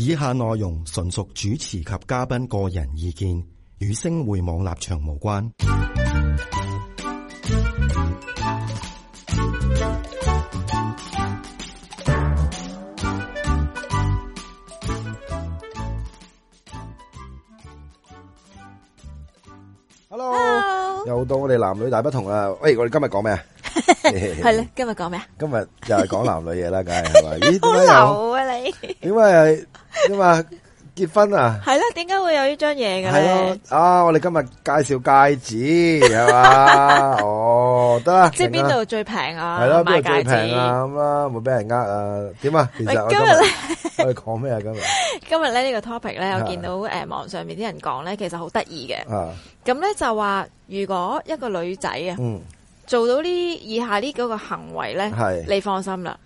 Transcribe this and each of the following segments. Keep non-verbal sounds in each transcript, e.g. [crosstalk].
以下內容純屬主持及嘉賓個人意見，與星匯網立場無關。Hello，, Hello. 又到我哋男女大不同啦！喂，我哋今日講咩啊？係咧，今日講咩啊？今日又係講男女嘢啦，梗係係咪？咦，好流啊你！點解？因啊？結婚啊，係啦，點解會有呢張嘢嘅咧？啊，我哋今日介紹戒指係嘛？ [laughs] 哦，得啦，即係邊度最平啊？係咯，邊度最平啊？咁啦，冇俾人呃啊？點啊？其實我今日咧， [laughs] 我哋講咩啊？今日 [laughs] 今日咧呢、呢個 topic 咧，我見到誒網上面啲人講咧，其實好得意嘅。咁咧就話，如果一個女仔啊、嗯，做到呢以下呢嗰個行為咧，係你放心啦。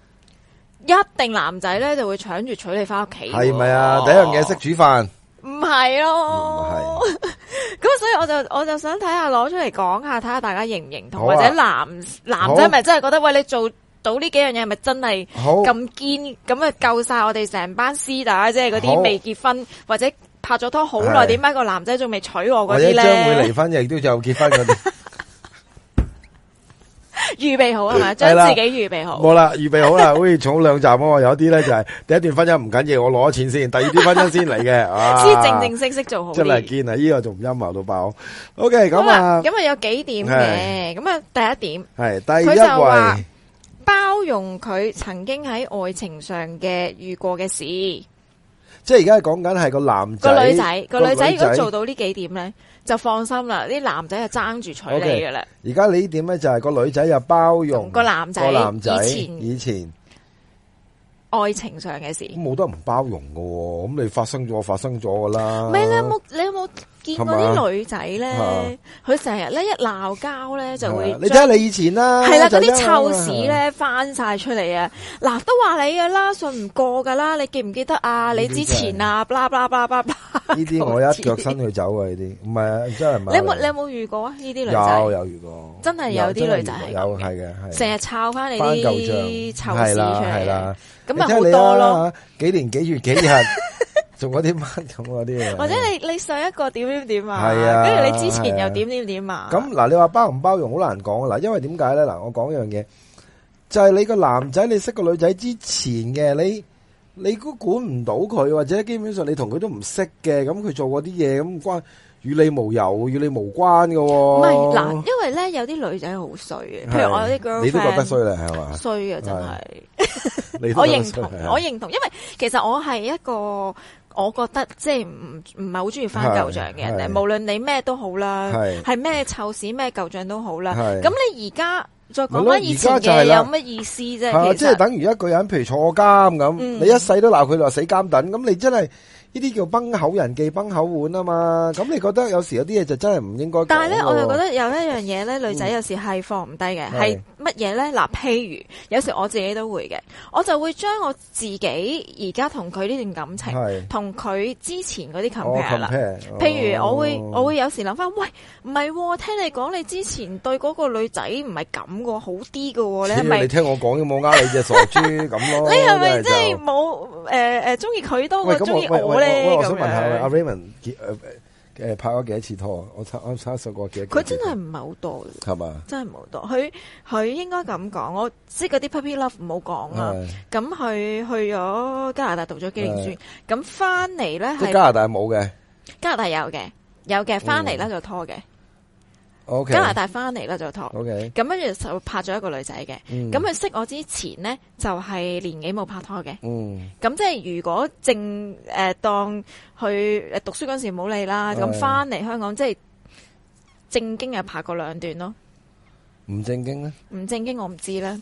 一定男仔咧就會搶住娶你翻屋企，係咪啊？哦、第一樣嘢識煮飯、嗯，唔係咯。咁所以我就我就想睇下攞出嚟講下，睇下大家認唔認同，啊、或者男男仔咪真係覺得喂，你做到呢幾樣嘢，咪真係咁堅，咁啊救晒我哋成班師打，即係嗰啲未結婚或者拍咗拖好耐，點解、啊、個男仔仲未娶我嗰啲咧？或者將會離婚亦都有結婚嗰啲。預備好啊嘛，將自己預備好。冇啦，預備好啦，好似重兩站啊！有啲咧就係第一段婚姻唔緊要，我攞錢先，第二段婚姻先嚟嘅啊，知正正式式做好。真係見啊，呢個仲陰謀到爆。OK，咁啊，咁啊有幾點嘅，咁啊第一點係，佢就話包容佢曾經喺愛情上嘅，遇過嘅事。即係而家講緊係個男仔個女仔個女仔，如果做到呢幾點咧？就放心啦，啲男仔就爭住娶你噶啦。而、okay，家你呢點咧，就係、是、個女仔又包容個、嗯、男仔，以前以前愛情上嘅事，冇得唔包容噶。咁你發生咗，發生咗噶啦。你有冇？你有冇？見嗰啲女仔咧，佢成日咧一鬧交咧就會是，你睇下你以前啦，啊，係啦嗰啲臭屎咧翻晒出嚟啊！嗱，都話你噶啦，信唔過噶啦，你記唔記得啊？你之前啊這些，blah blah blah blah 呢啲我一腳身去走啊！呢啲唔係啊，真係唔係。你有冇，你有冇遇過啊？呢啲女仔有遇過，真係有啲女仔有係嘅，成日抄翻你啲臭屎出嚟，咁咪好多咯？幾年幾月幾日？ [laughs] 做嗰啲乜咁嗰啲嘢，或者你你上一個點點點啊，跟住你之前又點點點啊。咁嗱，你話包唔包容好難講啊。嗱，因為點解咧？嗱，我講一樣嘢，就係你個男仔你識個女仔之前嘅，你你估管唔到佢，或者基本上你同佢都唔識嘅，咁佢做嗰啲嘢，咁關與你無由，與你無關噶。唔係嗱，因為咧有啲女仔好衰嘅，譬如我有啲 girlfriend，你都覺得衰啦，係嘛？衰呀真係，我認同，我認同，因為其實我係一個。我覺得即係唔唔係好中意翻舊賬嘅人咧，無論你咩都好啦，係咩臭屎咩舊賬都好啦。咁你而家再講翻以前嘅有乜意思啫？啊、即係等於一個人，譬如坐監咁，嗯、你一世都鬧佢，就話死監等，咁你真係。呢啲叫崩口人忌崩口碗啊嘛！咁你覺得有時有啲嘢就真係唔應該講。但係咧，我就覺得有一樣嘢咧，女仔有時係放唔低嘅，係乜嘢咧？嗱，譬如有時我自己都會嘅，我就會將我自己而家同佢呢段感情，同佢之前嗰啲 compare 啦。譬如我會我會有時諗翻，喂，唔係、哦、聽你講你之前對嗰個女仔唔係咁嘅，好啲嘅、哦，你係咪聽我講冇呃你隻 [laughs] 傻豬咁咯？你係咪即係冇誒誒中意佢多過中意我？我，我想問下阿 Raymond，誒誒、啊，拍咗幾多次拖啊？我差我差數過幾，個幾次？佢真係唔係好多，係嘛？真係唔係好多。佢佢應該咁講，我知嗰啲 puppy love 唔好講啊。咁佢去咗加拿大讀咗幾年書，咁翻嚟咧，佢加拿大冇嘅，加拿大有嘅，有嘅，翻嚟咧就拖嘅。嗯 Okay. 加拿大翻嚟啦就拖，咁跟住就拍咗一個女仔嘅，咁、嗯、佢識我之前咧就係、是、年紀冇拍拖嘅，咁、嗯、即係如果正誒、呃、當去讀書嗰陣時冇理啦，咁翻嚟香港即係正經又拍過兩段咯，唔正經咧？唔正經我唔知啦，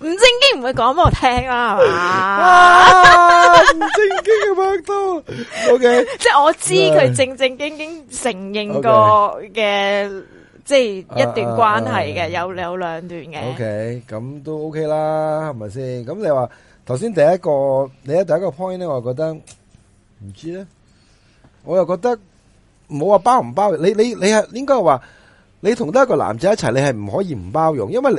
唔 [laughs] 正經唔會講俾我聽啦 [laughs] 是吧 [laughs] 正經嘅拍拖，O K，即係我知佢正正經經承認過嘅，okay、即係一段關係嘅、uh uh uh uh，有有兩段嘅，O K，咁都 O K 啦，係咪先？咁你話頭先第一個，你喺第一個 point 咧，我又覺得唔知咧，我又覺得唔好話包唔包你，你你你你係應該話你同得一個男仔一齊，你係唔可以唔包容，因為你、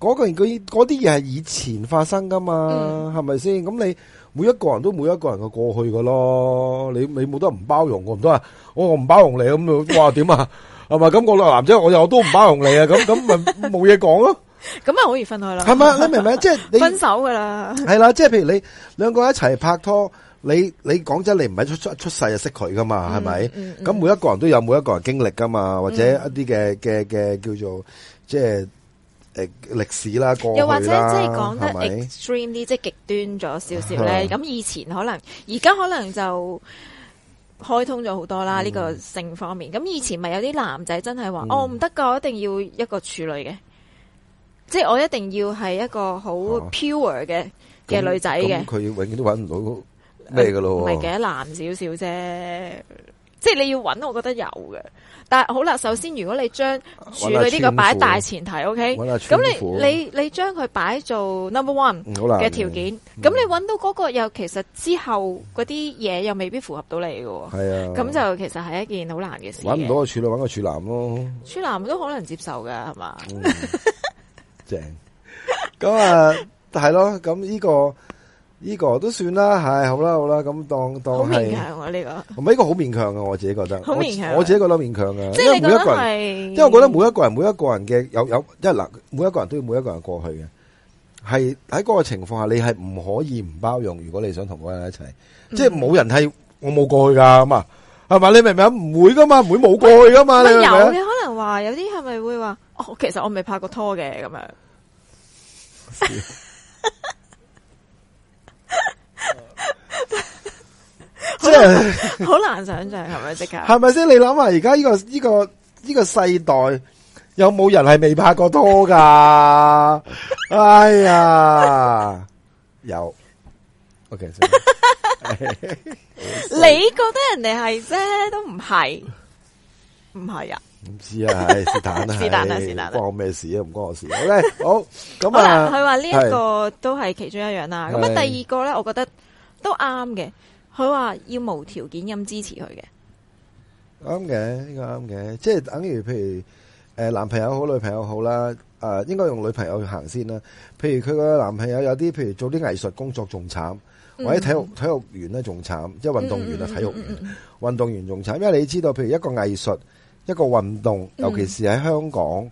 嗰、嗰個人佢嗰啲嘢係以前發生噶嘛，係咪先？咁你。每一個人都每一個人嘅過去噶咯，你你冇得唔包容，我唔得啊！我我唔包容你咁樣，哇點啊？係咪咁？我個男仔我又都唔包容你啊？咁咁咪冇嘢講咯？咁咪可以分開啦？係咪？你明唔明？即係你分手噶啦？係啦，即係譬如你兩個一齊拍拖，你你講真，你唔係出出出世就識佢噶嘛？係咪？咁每一個人都有每一個人經歷噶嘛，或者一啲嘅嘅嘅叫做即係。誒，歷史啦，過去啦，係咪？又或者講得 extreme 啲，即係極端咗少少咧。咁 [laughs] 以前可能，而家可能就開通咗好多啦。呢、嗯、個性方面，咁以前咪有啲男仔真係話，嗯、哦唔得噶，我一定要一個處女嘅，嗯、即係我一定要係一個好 pure 嘅嘅、啊、女仔嘅。佢、嗯嗯嗯、永遠都搵唔到咩噶咯？唔係嘅，男少少啫。即係你要揾，我覺得有嘅。但係好啦，首先如果你將處女呢個擺大前提，OK，咁你你你將佢擺做 number one 嘅條件，咁你揾到嗰個又其實之後嗰啲嘢又未必符合到你喎。係啊，咁就其實係一件好難嘅事。揾唔到個處女，揾個處男咯。處男都可能接受㗎，係嘛、嗯？正。咁 [laughs] 啊，係咯。咁呢、呢個。呢個都算啦，係好啦，好啦，咁當當係。好勉強啊呢個，唔，唔係呢個好勉強嘅，我自己覺得。好勉強。我自己覺得勉強嘅。即係每一個人，因為我覺得每一個人，每一個人嘅有有一嗱，因為每一個人都要每一個人過去嘅。係喺嗰個情況下，你係唔可以唔包容，如果你想同我哋一齊、嗯，即係冇人係我冇過去噶，咁啊，係嘛？你明唔明？唔會噶嘛，唔會冇過去噶嘛。有你可能話有啲係咪會話？哦，其實我未拍過拖嘅咁樣。 [laughs] [laughs] 即係好難，就是， [laughs] 難想象係咪即係？係咪先？你諗下而家呢個呢、這個呢、這個世代有冇人係未拍過拖噶？ [laughs] 哎呀， [laughs] 有。OK， [laughs] [laughs] 你覺得人哋係啫，都唔係，唔係啊？唔知啊，是但係， [laughs] 是但係，是但係，關我咩事啊？唔 [laughs] 關我事。 [laughs] okay, 好咧、啊，好。咁啊，佢話呢一個都係其中一樣啦。咁啊，第二個咧，我覺得都啱嘅。佢話要無條件咁支持佢嘅。啱嘅，呢個啱嘅，即係等於譬如誒男朋友好，女朋友好啦，誒、呃、應該用女朋友去行先啦。譬如佢個男朋友有啲，譬如做啲藝術工作仲慘，或者體育體育員咧仲慘，即係運動員啊體育運動員仲慘。因為你知道，譬如一個藝術，一個運動，尤其是喺香港，嗯、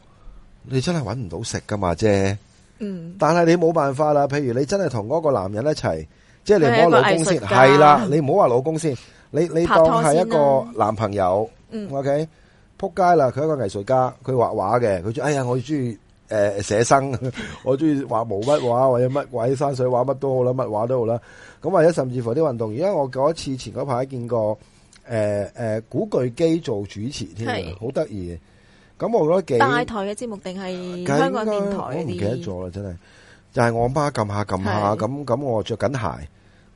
你真係搵唔到食噶嘛，啫。嗯。但係你冇辦法啦，譬如你真係同嗰個男人一齊。即係你唔好老公先，係啦， [laughs] 你唔好話老公先，你你當係一個男朋友，O K，撲街啦，佢、okay? 係一個藝術家，佢畫畫嘅，佢中，哎呀，我中意誒寫生， [laughs] 我中意畫毛筆畫， [laughs] 或者乜鬼山水畫，乜都好啦，乜畫都好啦。咁或者甚至乎啲運動員，而家我嗰次前嗰排見過，誒、呃、誒、呃、古巨基做主持添，好得意。咁我覺得幾大台嘅節目定係香港電台嗰啲？唔記得咗啦，真係。就係我媽撳下撳下咁咁，我着緊鞋，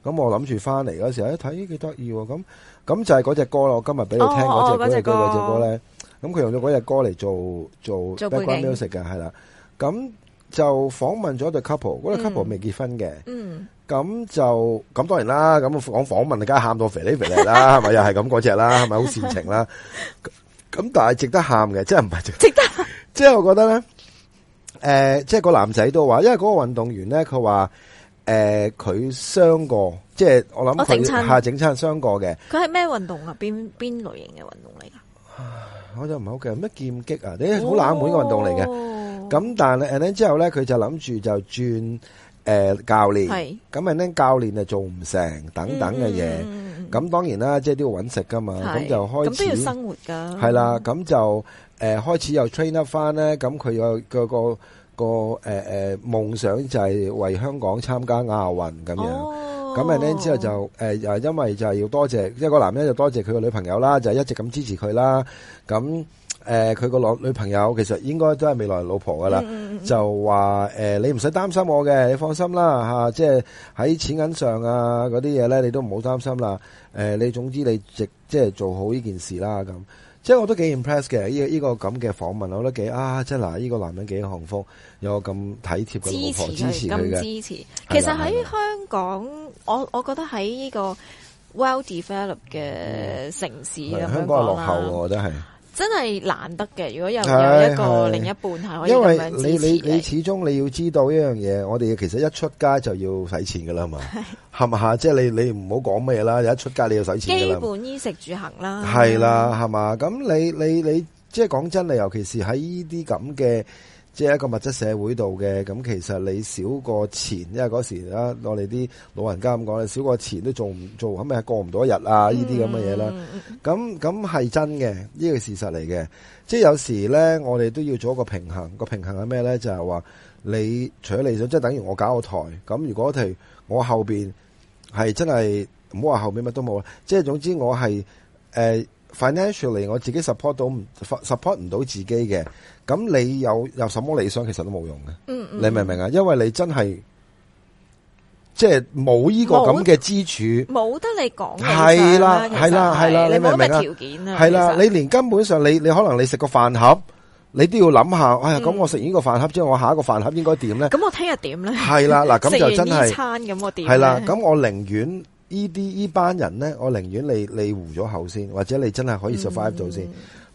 咁我諗住翻嚟嗰時一睇，幾得意咁咁，就係嗰隻歌啦。我今日俾你聽嗰隻歌，嗰隻歌咧，咁佢用咗嗰隻歌嚟做做做 backgroundmusic，嘅係啦。咁就訪問咗對 couple，嗰對 couple 未結婚嘅。嗯，咁就咁當然啦。咁講訪問，梗係喊到肥嚟肥嚟啦，係咪又係咁嗰隻啦？係咪好煽情啦？咁但係值得喊嘅，即係唔係值值得。即係我覺得咧。誒、呃，即係個男仔都話，因為嗰個運動員咧，佢話誒，佢、呃、傷過，即係我諗佢下整餐傷過嘅。佢係咩運動啊？邊邊類型嘅運動嚟噶？我就唔係好記得咩劍擊啊？你好冷門嘅運動嚟嘅。咁、哦、但係誒之後咧，佢就諗住就轉誒教練。係咁係咧，教練係做唔成等等嘅嘢。咁、嗯、當然啦，即係都要搵食噶嘛。咁就開始咁都要生活噶。係啦，咁就。誒、呃，開始又 train up 翻咧，咁佢個個個誒誒夢想就係為香港參加亞運咁樣，咁呢咧之後就誒、呃，因為就係要多謝，一、就是、個男人就多謝佢個女朋友啦，就是、一直咁支持佢啦。咁、嗯、誒，佢個女朋友其實應該都係未來老婆噶啦， [laughs] 就話誒、呃，你唔使擔心我嘅，你放心啦吓、啊，即係喺錢銀上啊嗰啲嘢咧，你都唔好擔心啦。誒、呃，你總之你直即係做好呢件事啦咁。即係我都幾 impressed 嘅，呢、這、依個咁嘅、這個這個這個、訪問，我覺得幾啊！即係嗱，呢、這個男人幾幸福，有咁體貼嘅老婆支持佢嘅。支持，支持，其實喺香港，我我覺得喺呢個 well developed 嘅城市的香的，香港係落後喎，覺得係。真係難得嘅，如果有有一個另一半係可以咁樣支持嘅。因為你你你始終你要知道一樣嘢，我哋其實一出街就要使錢噶啦嘛，係嘛？即係你你唔好講咩嘢啦，一出街你要使錢。基本衣食住行啦，係啦，係嘛？咁你你你即係講真咧，尤其是喺呢啲咁嘅。即係一個物質社會度嘅，咁其實你少過錢，因為嗰時啊，我哋啲老人家咁講，你少過錢都做唔做，咁咪過唔到日啊！呢啲咁嘅嘢啦，咁咁係真嘅，呢個事實嚟嘅。即係有時呢，我哋都要做一個平衡，個平衡係咩呢？就係、是、話，除你除咗理想，即係等於我搞個台。咁如果譬如我後面係真係唔好話後面乜都冇，即係總之我係 financially 我自己 support 到唔 support 唔到自己嘅，咁你有有什麼理想，其實都冇用嘅、嗯。你明唔明啊？因為你真係即係冇依個咁嘅支柱，冇得你講係啦，係啦，係啦，你明唔明啊？你冇咩條件啊，係啦，你連根本上你你可能你食個飯盒，你都要諗下、嗯，哎呀，咁我食完呢個飯盒之後，我下一個飯盒應該點咧？咁我聽日點咧？係啦，嗱，咁就真係食完一餐咁我點咧？咁我寧願。呢啲依班人咧，我寧願你你糊咗後先，或者你真係可以 survive 到、嗯、先。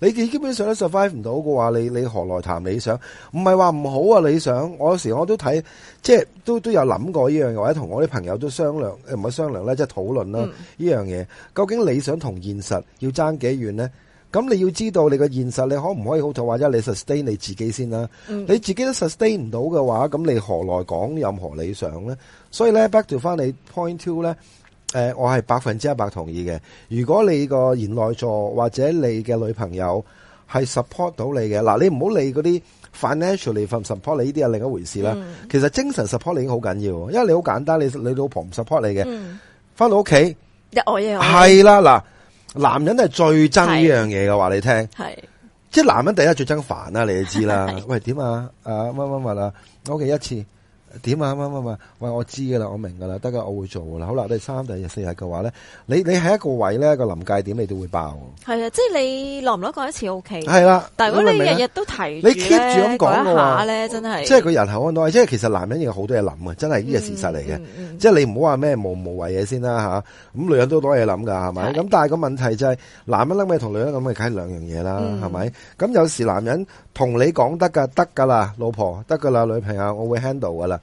你哋基本上都 survive 唔到嘅話，你你何來談理想？唔係話唔好啊理想。我有時我都睇，即係都都有諗過呢樣嘢，或者同我啲朋友都商量，唔係商量咧，即係討論啦呢樣嘢。究竟理想同現實要爭幾遠呢？咁你要知道，你個現實你可唔可以好同或者你 sustain 你自己先啦、嗯？你自己都 sustain 唔到嘅話，咁你何來講任何理想呢？所以咧 back to 翻、你 point two 咧。誒、呃，我係百分之一百同意嘅。如果你個賢內助或者你嘅女朋友係 support 到你嘅，嗱，你唔好理嗰啲 financially from support 你呢啲係另一回事啦。嗯、其實精神 support 你已經好緊要，因為你好簡單，你你老婆唔 support 你嘅，翻、嗯、到屋企、嗯，我嘢係啦。嗱，男人係最憎呢樣嘢嘅，話你聽，係即係男人第一次最憎煩啦，你就知啦。 [laughs] 喂，點啊？啊，乜乜乜啦？我屋企一次。點啊？咪咪咪喂，我知噶啦，我明噶啦，得噶，我會做噶啦。好啦，第三、第四日嘅話咧，你你喺一個位咧個臨界點，你都會爆。係啊，即係你落唔落過一次 O K。係啦，但係如果你日日都提，你 keep 住咁講下咧，真係即係個人口安多。即係其實男人有好多嘢諗啊，真係呢個事實嚟嘅。即係你唔好話咩無無謂嘢先啦吓。咁女人都多嘢諗噶係咪？咁但係個問題就係男人諗咩同女人諗咩梗係兩樣嘢啦，係咪？咁有時男人同你講得噶，得噶啦，老婆得噶啦，女朋友我會 handle 噶啦。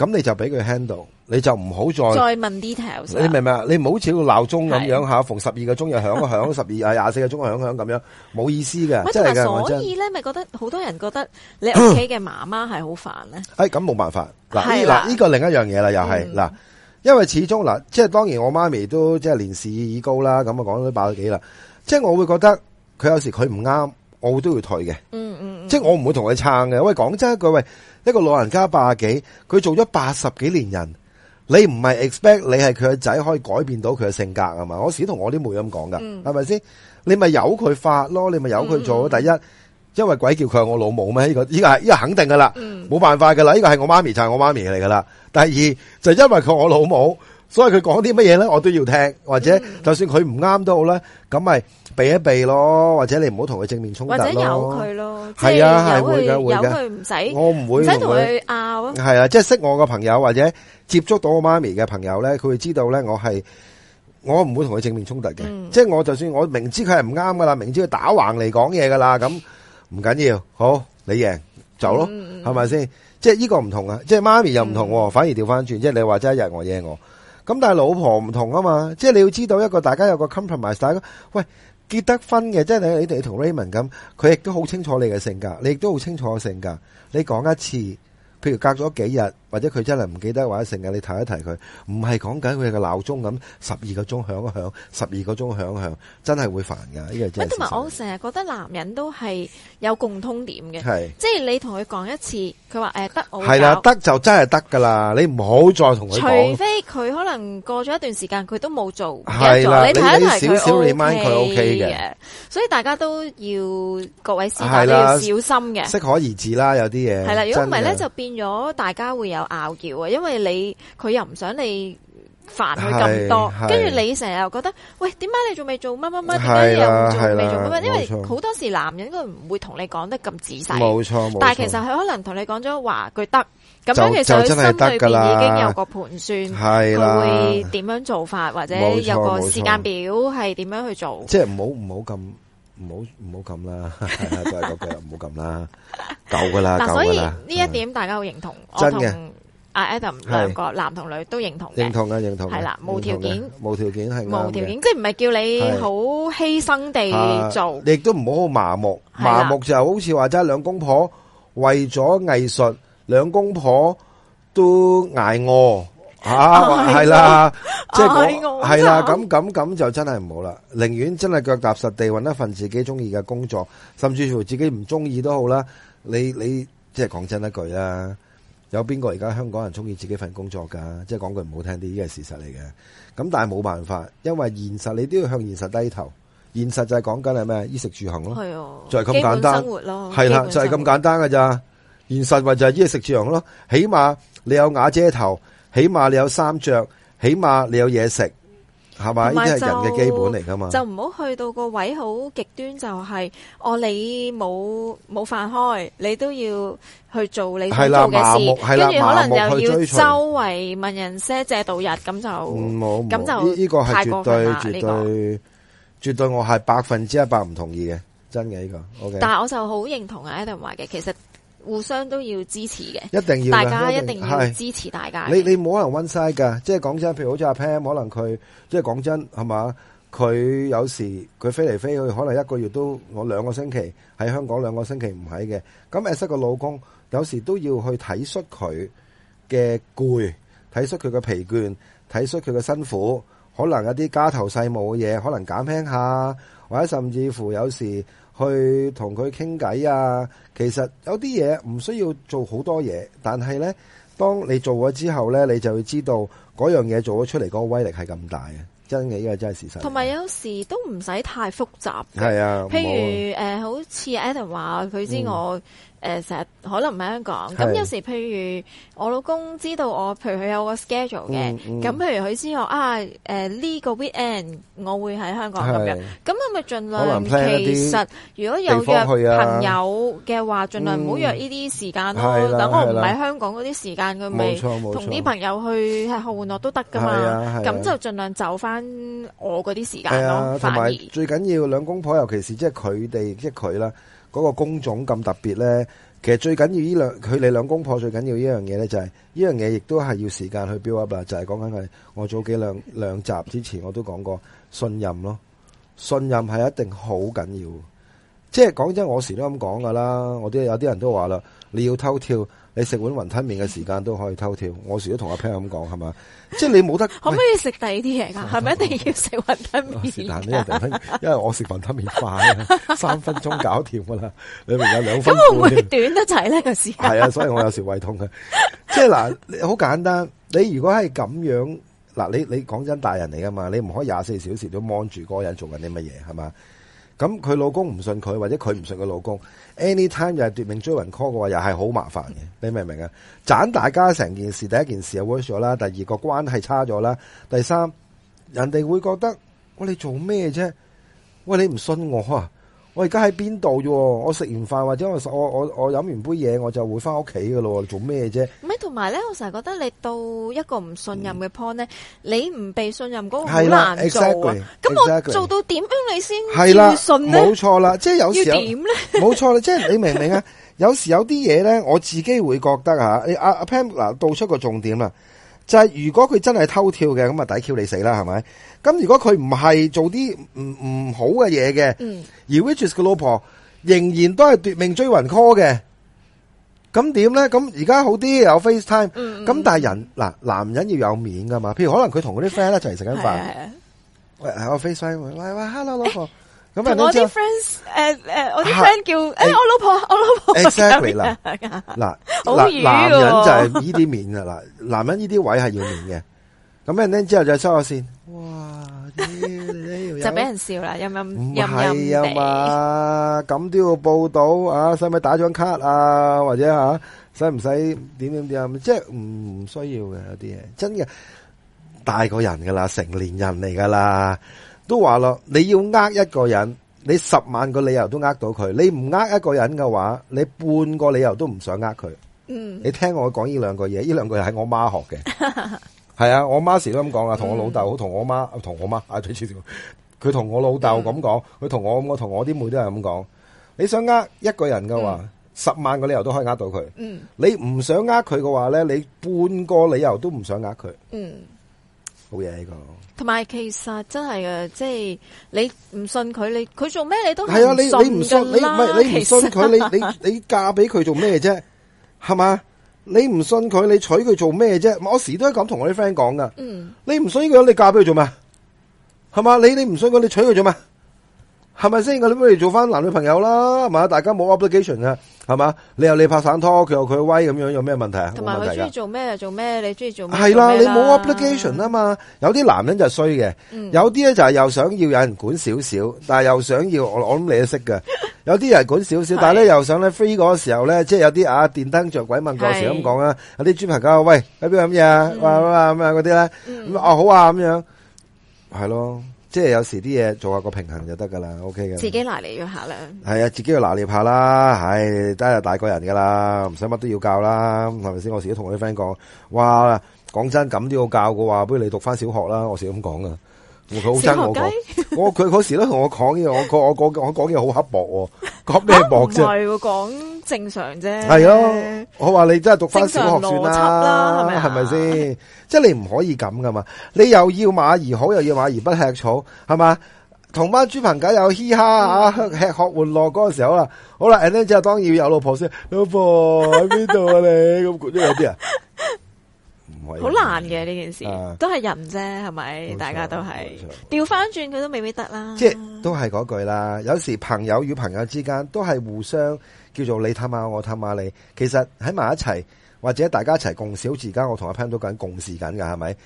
咁你就俾佢 handle，你就唔好再再問 details。你明唔明啊？你唔好似嗰個鬧鐘咁樣吓，逢十二個鐘又響響，十二啊廿四個鐘又響響咁樣，冇 [laughs] 意思嘅。真係。所以咧，咪覺得好多人覺得你屋企嘅媽媽係好煩咧。哎，咁冇辦法嗱，嗱呢個另一樣嘢啦，又係嗱，嗯、因為始終嗱，即係當然我媽咪都即係年事已高啦，咁啊講都八十幾啦。即係我會覺得佢有時佢唔啱，我都會退嘅。嗯嗯。即係我唔會同佢撐嘅，喂講真一句，喂一個老人家八廿幾，佢做咗八十幾年人，你唔係 expect 你係佢個仔可以改變到佢嘅性格係嘛？我始同我啲妹咁講噶，係咪先？你咪由佢發咯，你咪由佢做。第一，因為鬼叫佢係我老母咩？呢個呢個係呢個肯定噶啦，冇、嗯、辦法噶啦，呢個係我媽咪就係、是、我媽咪嚟噶啦。第二就是、因為佢係我老母。所以佢講啲乜嘢咧，我都要聽，或者就算佢唔啱都好啦，咁咪避一避咯，或者你唔好同佢正面衝突咯。或者由佢咯，係啊，係會嘅，會嘅。我唔會唔使同佢拗。係啊，即係識我嘅朋友或者接觸到我媽咪嘅朋友咧，佢會知道咧，我係我唔會同佢正面衝突嘅。即係我就算我明知佢係唔啱噶啦，明知佢打橫嚟講嘢噶啦，咁唔緊要，好你贏走咯，係咪先？即係呢個唔同啊！即係媽咪又唔同，反而調翻轉，即係你話齋日我耶我。咁但係老婆唔同啊嘛，即係你要知道一個大家有個 compromise 個。大家喂，結得婚嘅，即係你你哋同 Raymond 咁，佢亦都好清楚你嘅性格，你亦都好清楚性格，你講一次，譬如隔咗幾日。或者佢真係唔記得，或者成日你提一提佢，唔係講緊佢嘅鬧鐘咁十二個鐘響一響，十二個鐘響響，真係會煩噶。呢個真係。同埋我成日覺得男人都係有共通點嘅，即係你同佢講一次，佢話、呃、得我係啦，得就真係得噶啦，你唔好再同佢。除非佢可能過咗一段時間，佢都冇做啦你睇一睇，少少 remind 佢 O K 嘅，所以大家都要各位師弟你要小心嘅，適可而止啦。有啲嘢係啦，如果唔係咧，就變咗大家會有。拗撬啊，因為你佢又唔想你煩佢咁多，跟住你成日又覺得喂，點解你仲未做乜乜乜？點解又未做乜乜？因為好多時男人佢唔會同你講得咁仔細，冇錯。但係其實佢可能同你講咗話佢得，咁樣其實佢心裏邊已經有個盤算，佢會點樣做法，或者有個時間表係點樣去做。即係唔好唔好咁唔好唔好咁啦，就係嗰句唔好咁啦，夠噶啦，夠噶啦。所以呢一點大家好認同，真嘅。阿 Adam 兩個男同女都認同，認同啊認同係啦，無條件無條件係無條件，即係唔係叫你好犧牲地做，你亦都唔好好麻木，麻木就好似話齋兩公婆為咗藝術，兩公婆都挨餓啊，係啦，即係係啦，咁咁咁就真係唔好啦，寧願真係腳踏實地揾一份自己中意嘅工作，甚至乎自己唔中意都好啦，你你即係講真一句啦。有邊個而家香港人中意自己份工作噶？即係講句唔好聽啲，呢個係事實嚟嘅。咁但係冇辦法，因為現實你都要向現實低頭。現實就係講緊係咩？衣食住行咯，係啊，就係咁簡單。生活咯，係啦，就係咁簡單㗎咋。現實或就係衣食住行咯。起碼你有瓦遮頭，起碼你有衫着，起碼你有嘢食。係咪？呢啲係人嘅基本嚟㗎嘛。就唔好去到個位好極端就係，哦你冇，冇飯開，你都要去做你做嘅事。係啦，沒，互相都要支持嘅，一定要，大家一定，定一定要支持大家。你你冇可能 win 晒噶，即係講真，譬如好似阿 Pam，可能佢即係講真係嘛，佢有時佢飛嚟飛去，可能一個月都我兩個星期喺香港，兩個星期唔喺嘅。咁阿 Sik 個老公有時都要去體恤佢嘅攰，體恤佢嘅疲倦，體恤佢嘅辛苦，可能一啲家頭細務嘅嘢，可能減輕下，或者甚至乎有時，去同佢傾偈啊！其實有啲嘢唔需要做好多嘢，但係咧，當你做咗之後咧，你就會知道嗰樣嘢做咗出嚟嗰個威力係咁大嘅，真嘅呢個真係事實。同埋有，有時都唔使太複雜，係啊，譬如誒、呃，好似 Adam 話佢知我。嗯誒，成日可能唔喺香港。咁有時，譬如我老公知道我，譬如佢有個 schedule 嘅、嗯。咁、嗯、譬如佢知道我啊，呢、呃呢個 weekend 我會喺香港咁樣。咁、嗯、咪盡量。其實如果有約朋友嘅話、啊，盡量唔好約呢啲時間咯。等我唔喺香港嗰啲時間，佢咪同啲朋友去食喝玩樂都得㗎嘛。咁就盡量走翻我嗰啲時間咯。最緊要兩公婆，尤其是即係佢哋，即係佢啦。嗰、那個工種咁特別咧，其實最緊要呢兩佢哋兩公婆最緊要呢樣嘢咧，就係呢樣嘢，亦都係要時間去 build up 啦。就係講緊係我早幾兩兩集之前我都講過，信任咯，信任係一定好緊要。即係講真，我時都咁講噶啦。我都有啲人都話啦，你要偷跳。你食碗雲吞麵嘅時間都可以偷跳，我有時都同阿 Pan 咁講，係嘛？ [laughs] 即係你冇得可唔可以食第二啲嘢啊？係咪一定要食雲吞麵？是但呢，因為我食雲吞麵快啊，三分鐘搞掂噶啦，你咪有兩分鐘。咁會唔會短得滯呢、那個時間？係啊，所以我有時胃痛嘅， [laughs] 即係嗱，好簡單，你如果係咁樣嗱，你你講真，大人嚟噶嘛，你唔可以廿四小時都望住個人做緊啲乜嘢，係嘛？咁佢老公唔信佢，或者佢唔信佢老公、嗯，anytime 又係奪命追魂 call 嘅話，又係好麻煩嘅，你明唔明啊？斬大家成件事，第一件事就 work 咗啦，第二個關係差咗啦，第三人哋會覺得，喂，你做咩啫？喂，你唔信我啊？我而家喺邊度啫？我食完飯或者我我我我飲完杯嘢，我就會翻屋企噶咯。做咩啫？咪同埋咧，我成日覺得你到一個唔信任嘅 point 咧，嗯、你唔被信任嗰個好難做啊。咁、exactly，我做到點樣你先會信冇錯啦，即係有時點咧？冇錯啦，即係你明唔明啊？有時有啲嘢咧，我自己會覺得吓，阿阿 Pam 嗱，啊、Pam，道出個重點啦就係、是、如果佢真係偷跳嘅，咁啊抵 call 你死啦，係咪？咁如果佢唔係做啲唔唔好嘅嘢嘅，而 w i c h e s 嘅老婆仍然都係奪命追魂 call 嘅，咁點咧？咁而家好啲有 FaceTime，咁、嗯嗯嗯、但係人嗱，男人要有面噶嘛？譬如可能佢同嗰啲 friend 咧一齊食緊飯，喂，我 FaceTime，喂喂，喂，hello 老婆。 [laughs] 同我啲 friends，誒誒，我啲 friend 叫誒，我老婆，我老婆。Exactly，嗱嗱嗱，男人就係呢啲面噶啦，男人呢啲位係要面嘅。咁人聽之後再收下線，哇！就俾人笑啦，有冇？唔係啊嘛，咁都要報到啊？使唔使打張卡啊？或者吓？使唔使點點點啊？即係唔唔需要嘅，有啲嘢真嘅大個人噶啦，成年人嚟噶啦。都話咯，你要呃一個人，你十萬個理由都呃到佢。你唔呃一個人嘅話，你半個理由都唔想呃佢。嗯，你聽我講呢兩個嘢，呢兩個嘢係我媽學嘅，係 [laughs] 啊，我媽時都咁講啊，同我老豆同我媽，同我媽啊，住佢同我老豆咁講，佢同我，我同我啲妹都係咁講。你想呃一個人嘅話，嗯，十萬個理由都可以呃到佢。嗯，你唔想呃佢嘅話咧，你半個理由都唔想呃佢。嗯，好嘢呢個。同埋其實真係嘅，即係你唔信佢，你佢做咩你都係唔信噶啦。係啊，你你唔信，你唔係，你唔信佢。其實你，你你，你嫁俾佢做咩啫？係 [laughs] 嘛？你唔信佢，你娶佢做咩啫？我時都係咁同我啲 friend 講噶。你唔信佢，你嫁俾佢做咩？係嘛？你你唔信佢，你娶佢做咩？係咪先？我諗不如做翻男女朋友啦，係嘛？大家冇 obligation 啊，係嘛？你又你拍散拖，拖，佢有佢威咁樣，有咩問題啊？同埋佢中意做咩就做咩，你中意做係啦，你冇 obligation 啊嘛。有啲男人就衰嘅。嗯，有啲咧就係又想要有人管少少，但係又想要我我諗你都識嘅。有啲人管少少， [laughs] 但係咧又想咧 free 嗰時候咧，即係有啲啊電燈着鬼問個時咁講啊，有啲豬朋狗友喂喺邊做乜嘢啊？嗯、啊嘛咁樣嗰啲咧哦，好啊咁樣係咯。是即係有時啲嘢做下個平衡就得噶啦，O K 嘅。自己拿捏一下啦。係啊，自己要拿捏下啦。唉，都係大個人噶啦，唔使乜都要教啦，係咪先？我時都同我啲 friend 講，哇，講真，咁都要教嘅話，不如你讀翻小學啦。我時咁講噶，佢好憎我講。我佢嗰時都同我講嘅，我我講我講嘢好刻薄、哦，講咩薄啫？唔、哦、係，講。正常啫，係咯，我話你真係讀翻小學算啦，係咪、啊？係咪先？即係你唔可以咁噶嘛？你又要馬兒好，又要馬兒不吃草，係嘛？同班豬朋狗友嘻哈啊，嗯、吃喝玩樂嗰個時候啦，好啦，e 呢，即係當然要有老婆先，老婆喺邊度啊？ [laughs] 你咁，即係有啲人、啊。好難嘅呢件事，啊、都係人啫，係咪？大家都係調翻轉佢都未必得啦。即係都係嗰句啦。有時朋友與朋友之間都係互相叫做你氹下我，氹下你。其實喺埋一齊或者大家一齊共，共事，而家我同阿 Pan 都緊共事緊噶，係咪？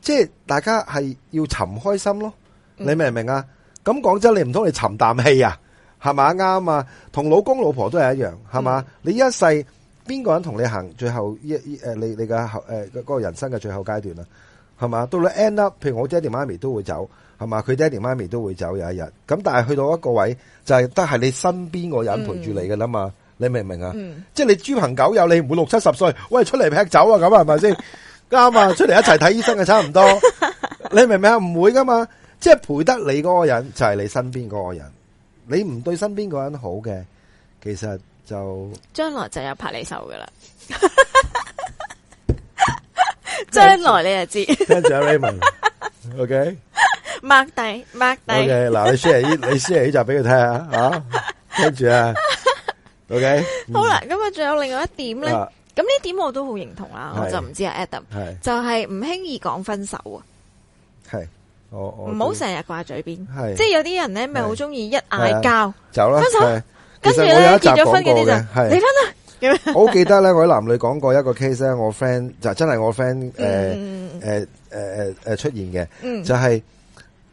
即係大家係要尋開心咯。你明唔明啊？咁、嗯、講真，你唔通你尋啖氣啊？係嘛，啱啊？同老公老婆都係一樣，係嘛？嗯、你一世。邊個人同你行最後依誒，你嘅你嘅誒個人生嘅最後階段啊，係嘛？到你 end up，譬如我爹哋媽咪都會走，係嘛？佢爹哋媽咪都會走有一日。咁但係去到一個位，就係得係你身邊個人陪住你噶啦嘛？嗯、你明唔明啊？嗯、即係你豬朋狗友，你唔會六七十歲，喂出嚟劈酒啊咁啊？係咪先？啱 [laughs] 啊，出嚟一齊睇醫生嘅差唔多，你明唔明啊？唔會噶嘛，即係陪得你嗰個人就係、係、你身邊嗰個人，你唔對身邊個人好嘅，其實。就將來就有拍你手噶啦，將 [laughs] 來你就知道。跟住阿 Raymond，OK，擘大擘大。OK，嗱，你 share 依，你 share 依集俾佢聽下，啊，跟住啊，OK。好啦，咁啊，仲有另外一點咧，咁、啊、呢點我都好認同啦，我就唔知阿、啊、Adam，係就係唔輕易講分手啊，係，我唔好成日掛喺嘴邊，係，即係有啲人咧，咪好中意一嗌交，啊，走啦，分手。跟住其實我有一集講過嘅，係離婚啦。啊、 [laughs] 我記得咧，我喺男女講過一個 case 咧，我 friend 就真係我 friend 誒誒誒誒誒出現嘅、嗯，就係、是、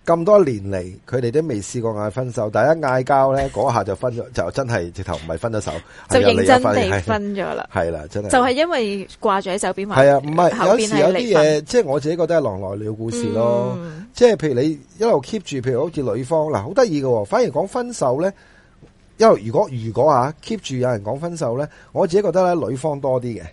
咁多年嚟，佢哋都未試過嗌分手，大家嗌交咧，嗰下就分咗，就真係直頭唔係分咗手， [laughs] 就認真地分咗啦。係啦、啊啊，真係就係、是、因為掛住喺手邊，係啊，唔係有時有啲嘢， [laughs] 即係我自己覺得係狼來了故事咯。嗯、即係譬如你一路 keep 住，譬如好似女方嗱，好得意嘅，反而講分手咧。因為如果如果啊 keep 住有人講分手呢，我自己覺得咧，女方多啲嘅、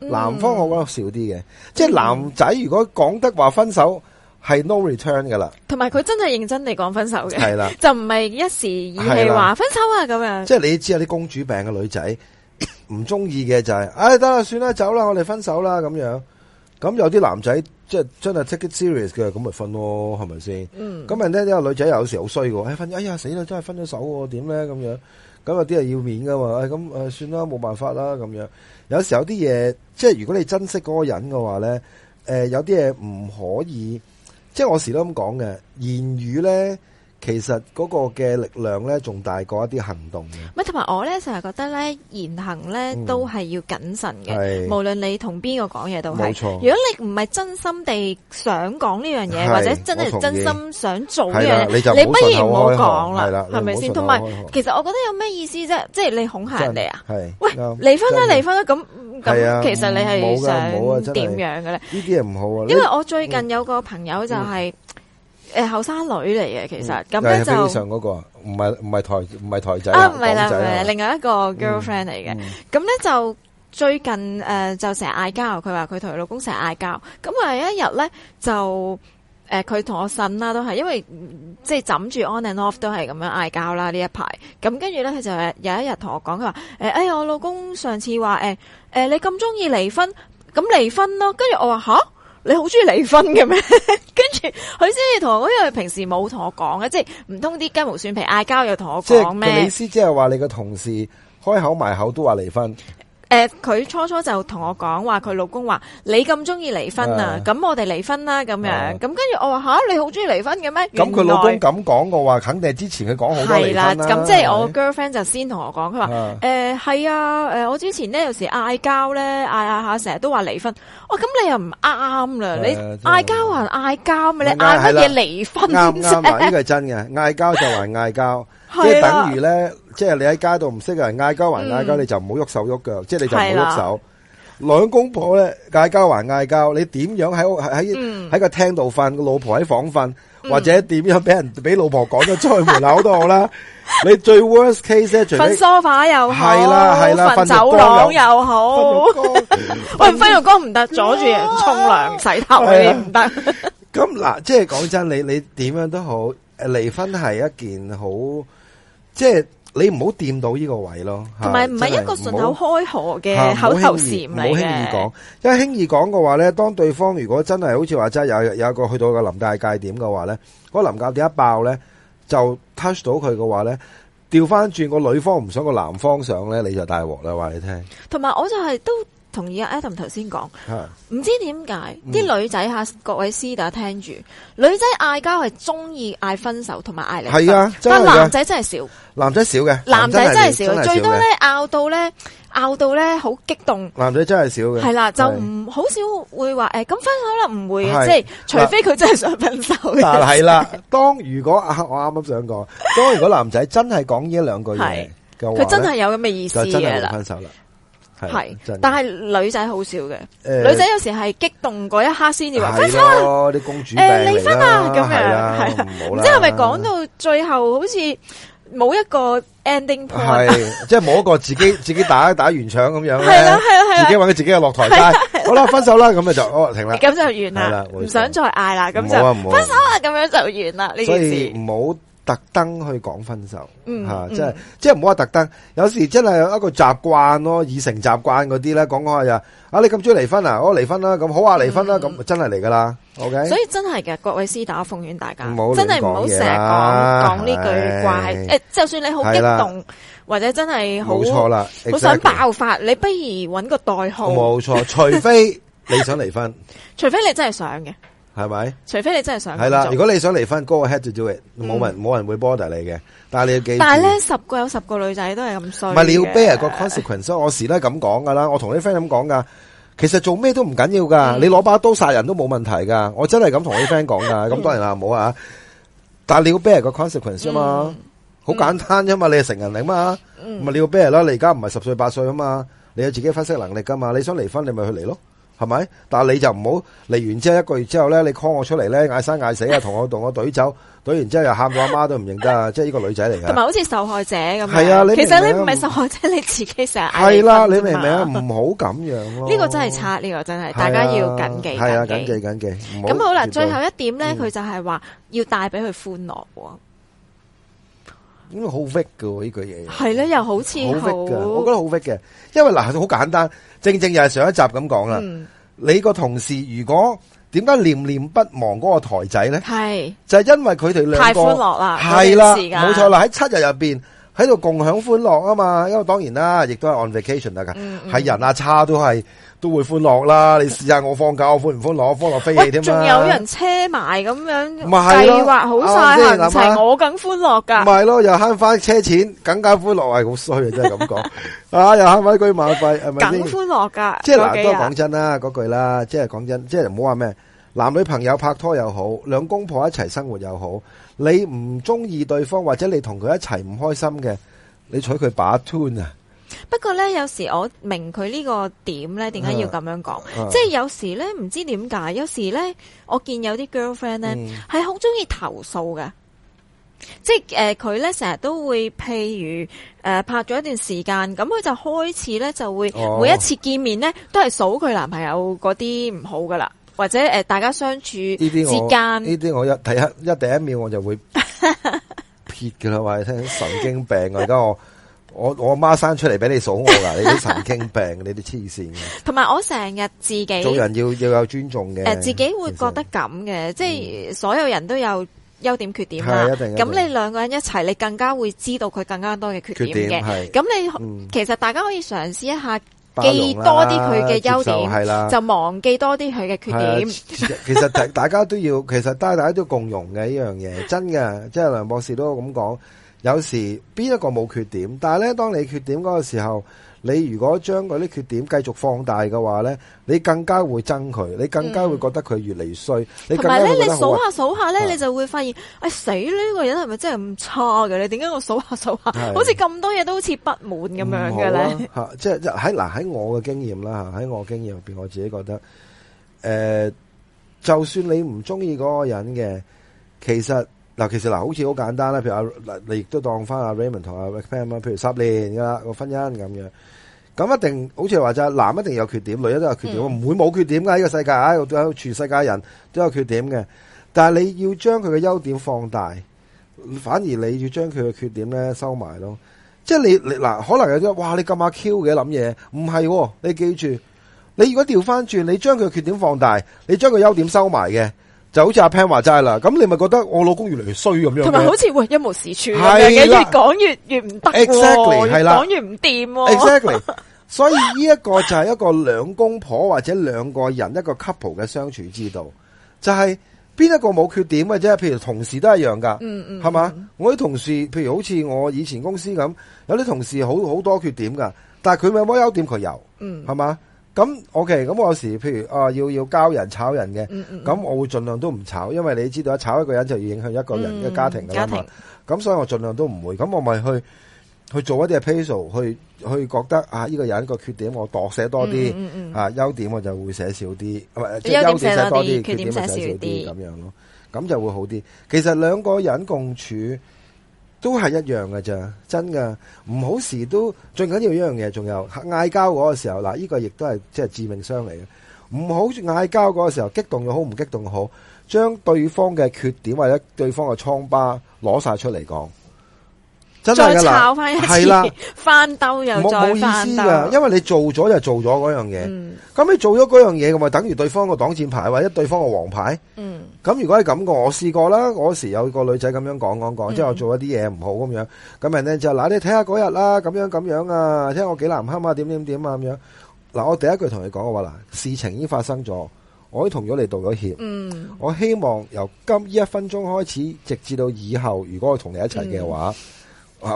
嗯，男方我覺得少啲嘅。即係男仔如果講得話分手係、嗯、no return 噶啦，同埋佢真係認真地講分手嘅，係啦，就唔係一時意氣話分手啊咁樣。即係你知有啲公主病嘅女仔唔中意嘅就係、是，哎得啦，算啦，走啦，我哋分手啦咁樣。咁有啲男仔即係真係 take it serious 嘅，咁咪分咯，係咪先？咁人咧，呢個女仔有時好衰嘅，哎分，哎呀，哎呀死啦，真係分咗手喎，點咧咁樣？咁有啲係要面噶嘛，咁、哎、誒算啦，冇辦法啦咁樣。有時有啲嘢，即係如果你珍惜嗰個人嘅話咧，誒、呃、有啲嘢唔可以，即係我時都咁講嘅，言語咧。其實嗰個嘅力量咧，仲大過一啲行動嘅。係，同埋我咧，成日覺得咧言行，咧都係要謹慎嘅。無論你同邊個講嘢都係。冇錯。如果你唔係真心地想講呢樣嘢，或者真係真心想做呢樣，你就你不如唔好講啦，係咪先？同埋，其實我覺得有咩意思啫？即係你恐嚇人哋啊？係。喂，離婚啦，離婚啦！咁咁，其實你係想點樣嘅咧？呢啲係唔好啊。因為我最近有個朋友就係。誒，後生女嚟嘅，其實咁咧就上嗰個唔係唔係台唔係台仔啊，唔係啦，係另外一個 girlfriend 嚟嘅。咁咧就最近誒，就成日嗌交，佢話佢同佢老公成日嗌交。咁啊，有一日咧就誒，佢同我呻啦，都係因為即係枕住 on and off 都係咁樣嗌交啦。呢一排咁，跟住咧佢就有一日同我講，佢話誒，哎呀，我老公上次話誒誒，你咁中意離婚，咁離婚咯。跟住我話吓。你好中意離婚嘅咩？ [laughs] 跟住佢先至同我，因為平時冇同我講嘅，即係唔通啲雞毛蒜皮嗌交又同我講咩？你意思即係話你個同事開口埋口都話離婚。誒，佢初初就同我講話，佢老公話，你咁中意離婚啊，咁、uh, 我哋離婚啦咁樣，咁跟住我話吓、uh, 你好中意離婚嘅咩？咁、uh, 佢老公咁講嘅話，肯定係之前佢講好多離婚啦、啊。咁、uh, 即係我個 girlfriend 就先同我講，佢話誒係啊，誒我之前咧有時嗌交咧，嗌嗌下，成、啊、日、啊啊、都話離婚，我咁，你又唔啱啦，你嗌交還嗌交、啊，你嗌乜嘢離婚？呢、這個係真嘅，嗌 [laughs] 交 [laughs] 就還嗌交，即係等於咧。即係你喺街度唔識人嗌交還嗌交，你就唔好喐手喐腳。即係你就唔好喐手。兩公婆咧嗌交還嗌交，你點樣喺屋喺喺個廳度瞓，個老婆喺房瞓，或者點樣俾人俾老婆趕咗出去門口都好啦。你最 worst case 咧，除瞓沙發又好，係啦係啦，瞓走廊又好。喂，瞓浴缸唔得，阻住人沖涼洗頭你唔得。咁嗱，即係講真，你你點樣都好，誒，離婚係一件好即係。你唔好掂到呢個位咯，同埋唔係一個順口開河嘅口頭禪，唔係好輕易講嘅，因為輕易講嘅話咧，當對方如果真係好似話齋有有一個去到個臨界界點嘅話咧，嗰臨界點一爆咧就 touch 到佢嘅話咧，調翻轉個女方唔想個男方上咧，你就大鑊啦，話你聽。同埋我就係都。同意啊 Adam 頭先講，唔知點解啲女仔吓、嗯，各位師打聽住，女仔嗌交係中意嗌分手分，同埋嗌離，但男仔真係少，男仔少嘅，男仔真係少，真少，最多咧拗到咧，拗到咧好激動，男仔真係少嘅，係啦，就唔好少會話誒，咁、哎、分手啦唔會，即係除非佢真係想分手。但係啦，當如果阿我啱啱想講， [laughs] 當如果男仔真係講呢兩句嘢，佢真係有咁嘅意思嘅啦。係，但係女仔好少嘅。女仔有時係激動嗰一刻先至話分手咯，啲公主誒離婚啊咁樣。係啦，唔好啦。即係咪講到最後好似冇一個 ending point？係，即係冇一個自己自己打打完場咁樣咧。係啦，係啦，係啦，自己搵到自己嘅落台階。好啦，分手啦，咁咪就哦停啦。咁就完啦，唔想再嗌啦。咁就唔好啊，唔好分手啊，咁樣就完啦呢件事。唔好。特登去講分手吓，即係即係唔好話特登，有時真係一個習慣咯，已成習慣嗰啲咧，講講下就啊，你咁中意離婚啊，我離婚啦，咁好啊，離婚啦，咁真係嚟噶啦，OK。所以真係嘅，各位師打奉勸大家，真係唔好成日講講呢句話，誒，就算你好激動或者真係好錯啦，好想爆發，你不如揾個代號。冇錯，除非你想離婚，除非你真係想嘅。係咪？除非你真係想係啦。如果你想離婚，Go ahead to do it，冇、嗯、人冇人會 bother 你嘅。但係你要記住。但係咧，十個有十個女仔都係咁衰。唔係你要 bear 個 consequence，我時都係咁講噶啦。我同啲 friend 咁講噶。其實做咩都唔緊要噶，嗯、你攞把刀殺人都冇問題噶。我真係咁同啲 friend 講噶。咁、嗯、當然啦，冇啊。但係你要 bear 個 consequence 啊嘛，好、嗯、簡單啫嘛。你係成人嚟嘛，唔係你要 bear 咯。你而家唔係十歲八歲啊嘛，你有自己分析能力噶嘛。你想離婚，你咪去離咯。係咪？但係你就唔好嚟完之後一個月之後咧，你 call 我出嚟咧，嗌生嗌死啊，同我同我懟走，懟完之後又喊我阿媽都唔認得啊！ [laughs] 即係呢個女仔嚟噶，同埋好似受害者咁。係啊，你明明其實你唔係受害者，嗯、你自己成日嗌係啦，你明唔明啊？唔好咁樣咯。呢、這個真係差，呢、這個真係、啊，大家要謹記。係啊，謹記謹記。咁好啦，最後一點咧，佢、嗯、就係話要帶俾佢歡樂。應該好 v i 㗎喎，呢句嘢，係咧，又好似好 v i t 㗎。我覺得好 v i t 嘅，因為嗱好簡單，正正又係上一集咁講啦。嗯、你個同事如果點解念念不忘嗰個台仔咧？係就係、是、因為佢哋兩個太歡樂啦，係啦，冇錯啦。喺七日入邊。喺度共享歡樂啊嘛，因為當然啦，亦都係 on vacation 得噶，係、嗯嗯、人啊差都係都會歡樂啦。你試下我放假，我歡唔歡樂，歡樂飛起添。仲有人車埋咁樣計劃好晒行程是，我梗歡樂噶。唔係咯，又慳翻車錢，更加歡樂係好衰啊！真係咁講啊， [laughs] 又慳翻一句萬費係咪先？更歡樂噶，即係嗱，都講真啦，嗰句啦，即係講真，即係唔好話咩。男女朋友拍拖又好，兩公婆一齊生活又好，你唔中意對方或者你同佢一齊唔開心嘅，你娶佢把穿啊！不過呢，有時我明佢呢個點呢，點解要咁樣講？啊、即係有時呢，唔知點解，有時呢，我見有啲 girlfriend 呢係好中意投訴嘅，即係佢、呃、呢，成日都會，譬如、呃、拍咗一段時間，咁佢就開始呢，就會每一次見面呢，哦、都係數佢男朋友嗰啲唔好噶啦。或者誒、呃，大家相處之間呢啲我一睇一一第一,一秒我就會撇噶啦，話 [laughs] 你聽神經病，而家我我我阿媽生出嚟俾你數我噶！ [laughs] 你啲神經病，你啲黐線。同埋我成日自己做人要要有尊重嘅，誒、呃，自己會覺得咁嘅。即係、嗯、所有人都有優點缺點啦。咁你兩個人一齊，你更加會知道佢更加多嘅缺點嘅。咁你、嗯、其實大家可以嘗試一下。記多啲佢嘅優點，就忘記多啲佢嘅缺點。 [laughs] 其實大家都要，其實但係大家都共融嘅呢樣嘢，真嘅，即係梁博士都咁講。有時邊一個冇缺點，但係咧，當你缺點嗰個時候。你如果將佢啲缺點繼續放大嘅話呢，你更加會憎佢，你更加會覺得佢越嚟越衰。同埋咧，你數下數下呢，你就會發現，唉、哎、死！呢、呢個人係咪真係咁差嘅？你點解我數下數下，好似咁多嘢都好似不滿咁樣嘅咧、啊？即係喺嗱喺我嘅經驗啦，喺我經驗入面，我自己覺得，呃、就算你唔中意嗰個人嘅，其實。嗱，其實嗱，好似好簡單啦，譬如阿嗱，你亦都當翻阿 Raymond 同阿 Rexman 啊，譬如十年噶啦個婚姻咁樣，咁一定好似話就係男一定有缺點，女亦都有缺點，唔會冇缺點噶呢個世界啊，有全世界人都有缺點嘅，但係你要將佢嘅優點放大，反而你要將佢嘅缺點咧收埋咯，即係你你嗱，可能有啲哇，你咁阿 Q 嘅諗嘢，唔係，你記住，你如果調翻轉，你將佢嘅缺點放大，你將佢優點收埋嘅。就好似阿 Pan 話齋啦，咁你咪覺得我老公越嚟越衰咁樣，同埋好似會一無是處咁嘅，越講越越唔得、係啦，講、Exactly，越唔掂。Exactly，所以呢一個就係一個兩公婆或者兩個人一個 couple 嘅相處之道，就係、是、邊一個冇缺點嘅啫。譬如同事都一樣噶，嗯嗯，係嘛？我啲同事，譬如好似我以前公司咁，有啲同事好好多缺點噶，但係佢咪冇優點，佢有，嗯，係嘛？咁 OK，咁我有時譬如啊，要要交人炒人嘅，咁我會盡量都唔炒，因為你知道一炒一個人就要影響一個人嘅家庭嘅啦。家庭，咁所以我盡量都唔會，咁我咪去去做一啲嘅 pencil，去去覺得啊呢個人一個缺點我度寫多啲，啊優點我就會寫少啲，即係優點寫多啲，缺點寫少啲，咁樣咯，咁就會好啲。其實兩個人共處。都係一樣嘅咋，真噶，唔好時都最緊要一樣嘢，仲有嗌交嗰個時候，嗱、這個，呢個亦都係即係致命傷嚟嘅，唔好嗌交嗰個時候，激動又好，唔激動又好，將對方嘅缺點或者對方嘅瘡疤攞晒出嚟講。真係噶嗱，係啦，翻兜又冇意思噶。因為你做咗就做咗嗰樣嘢，咁、嗯、你做咗嗰樣嘢咁咪等於對方個擋箭牌或者對方個王牌。嗯，咁如果係咁嘅，我試過啦。嗰時有個女仔咁樣講講講，即係我做一啲嘢唔好咁樣，咁人咧就嗱，你睇下嗰日啦，咁樣咁樣啊，睇我幾難堪啊，點點點啊咁樣。嗱、啊，我第一句同你講嘅話嗱，事情已經發生咗，我已同咗你道咗歉。嗯，我希望由今呢一分鐘開始，直至到以後，如果我同你一齊嘅話。嗯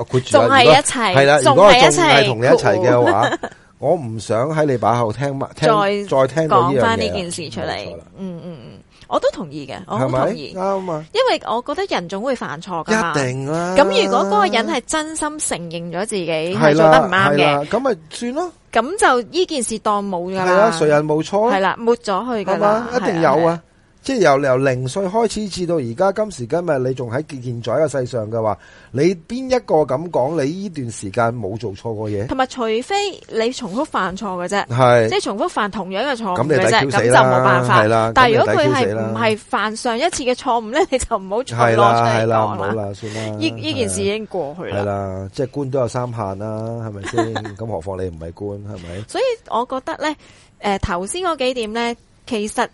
仲係一齊，係啦，仲係一齊，同你一齊嘅話，我唔想喺你把口聽聽，再再聽到呢翻呢件事出嚟。嗯嗯嗯，我都同意嘅，我好同意，啱啊。因為我覺得人總會犯錯噶，一定啦。咁如果嗰個人係真心承認咗自己係做得唔啱嘅，咁咪算咯。咁就呢件事當冇噶啦，係啊，誰人冇錯？係啦，抹咗去噶啦，一定有啊。即係由由零歲開始至到而家今時今日，你仲喺健在嘅世上嘅話，你邊一個咁講？你呢段時間冇做錯過嘢？同埋，除非你重複犯錯嘅啫，即係重複犯同樣嘅錯誤嘅啫，咁就冇辦法。但係如果佢係唔係犯上一次嘅錯誤咧，你就唔好再落去講啦。呢件事已經過去了。係啦，即係官都有三限啦，係咪先？咁 [laughs] 何況你唔係官，係咪？所以我覺得咧，誒頭先嗰幾點咧，其實。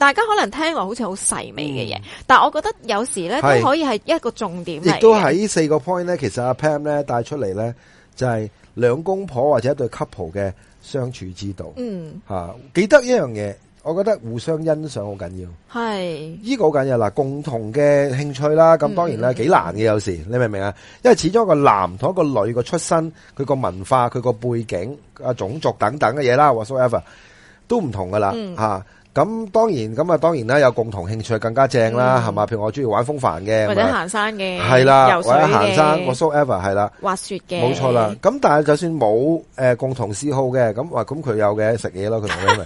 大家可能聽落好似好細微嘅嘢、嗯，但係我覺得有時咧都可以係一個重點嚟。亦都喺呢四個 point 咧，其實阿 Pam 咧帶出嚟咧，就係、是、兩公婆或者一對 couple 嘅相處之道。嗯，嚇記得一樣嘢，我覺得互相欣賞好緊要。係呢、呢個好緊要喇。共同嘅興趣啦。咁當然咧、嗯、幾難嘅有時，你明唔明啊？因為始終一個男同一個女個出身，佢個文化、佢個背景、啊種族等等嘅嘢啦，whatever 都唔同噶啦，嚇。咁當然，咁啊當然啦，有共同興趣更加正啦，係嘛？譬如我中意玩風帆嘅，或者行山嘅，係啦，或者行山，whatever 係啦，滑雪嘅，冇錯啦。咁但係就算冇誒共同嗜好嘅，咁話咁佢有嘅食嘢咯，佢同我哋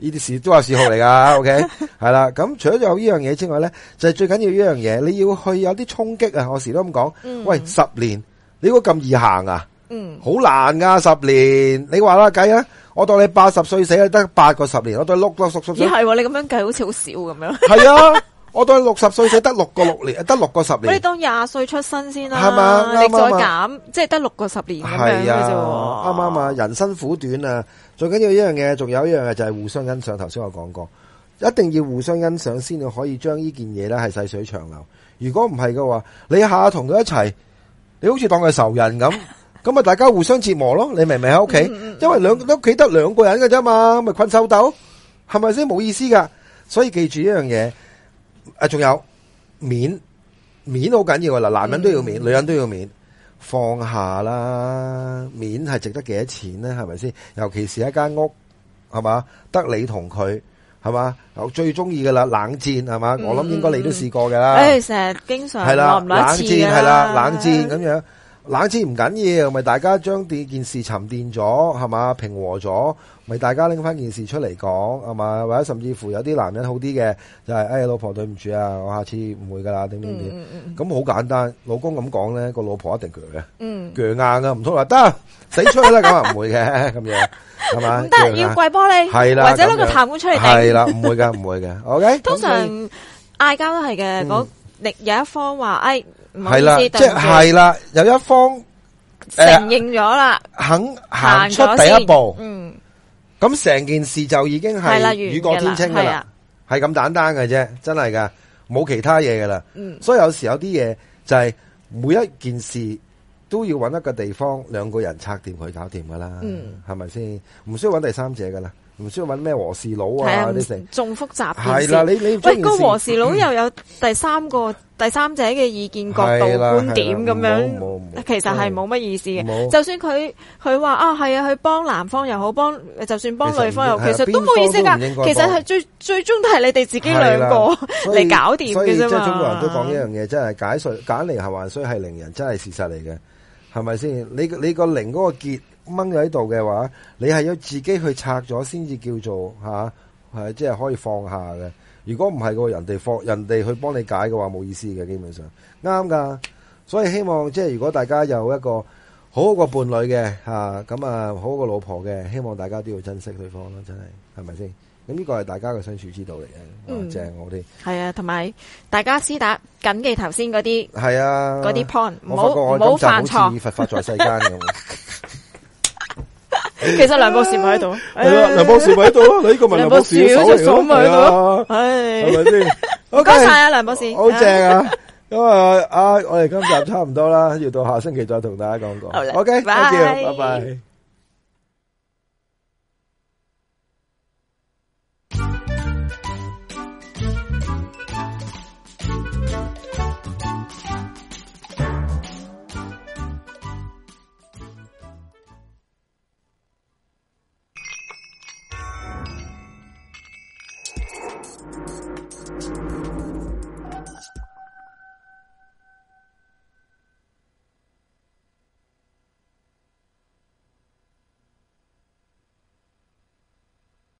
呢啲事都係嗜好嚟噶。OK，係啦。咁除咗有呢樣嘢之外咧，就係最緊要呢樣嘢，你要去有啲衝擊啊！我時都咁講，喂，十年你估咁易行啊？嗯，好難噶，十年你話啦計啊！我當你八十歲死得八個十年，我當六六叔，咦，係係你咁樣計好似好少咁樣。係、欸、啊，你啊 [laughs] 我當你六十歲死得六個六年，得六個十年。 [laughs] 你當廿歲出生先啦、啊，你再減，即係得六個十年咁樣啱啱啊，啊？人生苦短啊，最緊要一樣嘢，仲有一樣嘢就係、是、互相欣賞。頭先我講過，一定要互相欣賞先可以將呢件嘢咧係細水長流。如果唔係嘅話，你下同佢一齊，你好似當佢仇人咁。咁咪大家互相折磨咯，你明唔明喺屋企？因為兩屋企得兩個人嘅啫嘛，咪困獸鬥，係咪先冇意思噶？所以記住一樣嘢。誒，仲有面面好緊要啊！嗱，男人都要面，嗯、女人都要面，嗯、放下啦，面係值得幾多錢咧？係咪先？尤其是一間屋，係嘛，得你同佢，係嘛，我最中意嘅啦，冷戰係嘛、嗯，我諗應該你都試過嘅啦、嗯。誒，成日經常係啦，冷戰係啦，冷戰咁樣。冷戰唔緊要，咪大家將啲件事沉澱咗，係嘛，平和咗，咪大家拎翻件事出嚟講，係嘛，或者甚至乎有啲男人好啲嘅，就係哎，老婆對唔住啊，我下次唔會噶啦，點點點，咁好簡單。老公咁講咧，個老婆一定鋸嘅，鋸硬噶，唔通話得死出嚟啦？咁啊，唔會嘅咁樣，係嘛？唔得，要跪玻璃，或者攞個痰罐出嚟定？係啦，唔會嘅，唔會嘅。OK，通常嗌交都係嘅，嗰力有一方話哎。係啦，即係啦，有一方承認咗啦、呃，肯行出第一步，咁成、嗯、件事就已經係雨過天青噶啦，係咁簡單嘅啫，真係噶，冇其他嘢噶啦，嗯、所以有時有啲嘢就係每一件事都要揾一個地方，兩個人拆掂佢搞掂噶啦，係咪先？唔需要揾第三者噶啦。唔需要揾咩和事佬啊！啊你成仲複雜，係啦、啊、你你喂、個和事佬又有第三個、嗯、第三者嘅意見角度、啊、觀點咁樣、啊啊，其實係冇乜意思嘅、啊。就算佢佢話啊係啊，去幫男方又好，幫就算幫女方又好，其實、啊、都冇意思噶。其實係最最終都係你哋自己兩個嚟搞掂嘅啫嘛。所以中國人都講一樣嘢、嗯，真係解說解鈴係還須係鈴人真係事實嚟嘅，係咪先？你你個鈴嗰個結掹喺度嘅話，你係要自己去拆咗先至叫做吓，係、啊、即係可以放下嘅。如果唔係個，人哋放人哋去幫你解嘅話，冇意思嘅。基本上啱噶，所以希望即係如果大家有一個好好個伴侶嘅吓，咁啊，啊好好個老婆嘅，希望大家都要珍惜對方咯，真係係咪先？咁呢個係大家嘅相處之道嚟嘅，淨係我啲係啊，同埋、啊、大家私打謹記頭先嗰啲係啊，嗰啲 point，唔好唔好犯錯。以佛法在世間。 [laughs] 其實梁博士咪喺度，係啊，梁博士咪喺度，你呢個問梁博士嚟嘅，係咪先？多謝啊，梁博士，好正啊！咁啊，阿我哋今日差唔多啦，要到下星期再同大家講講。OK，bye bye。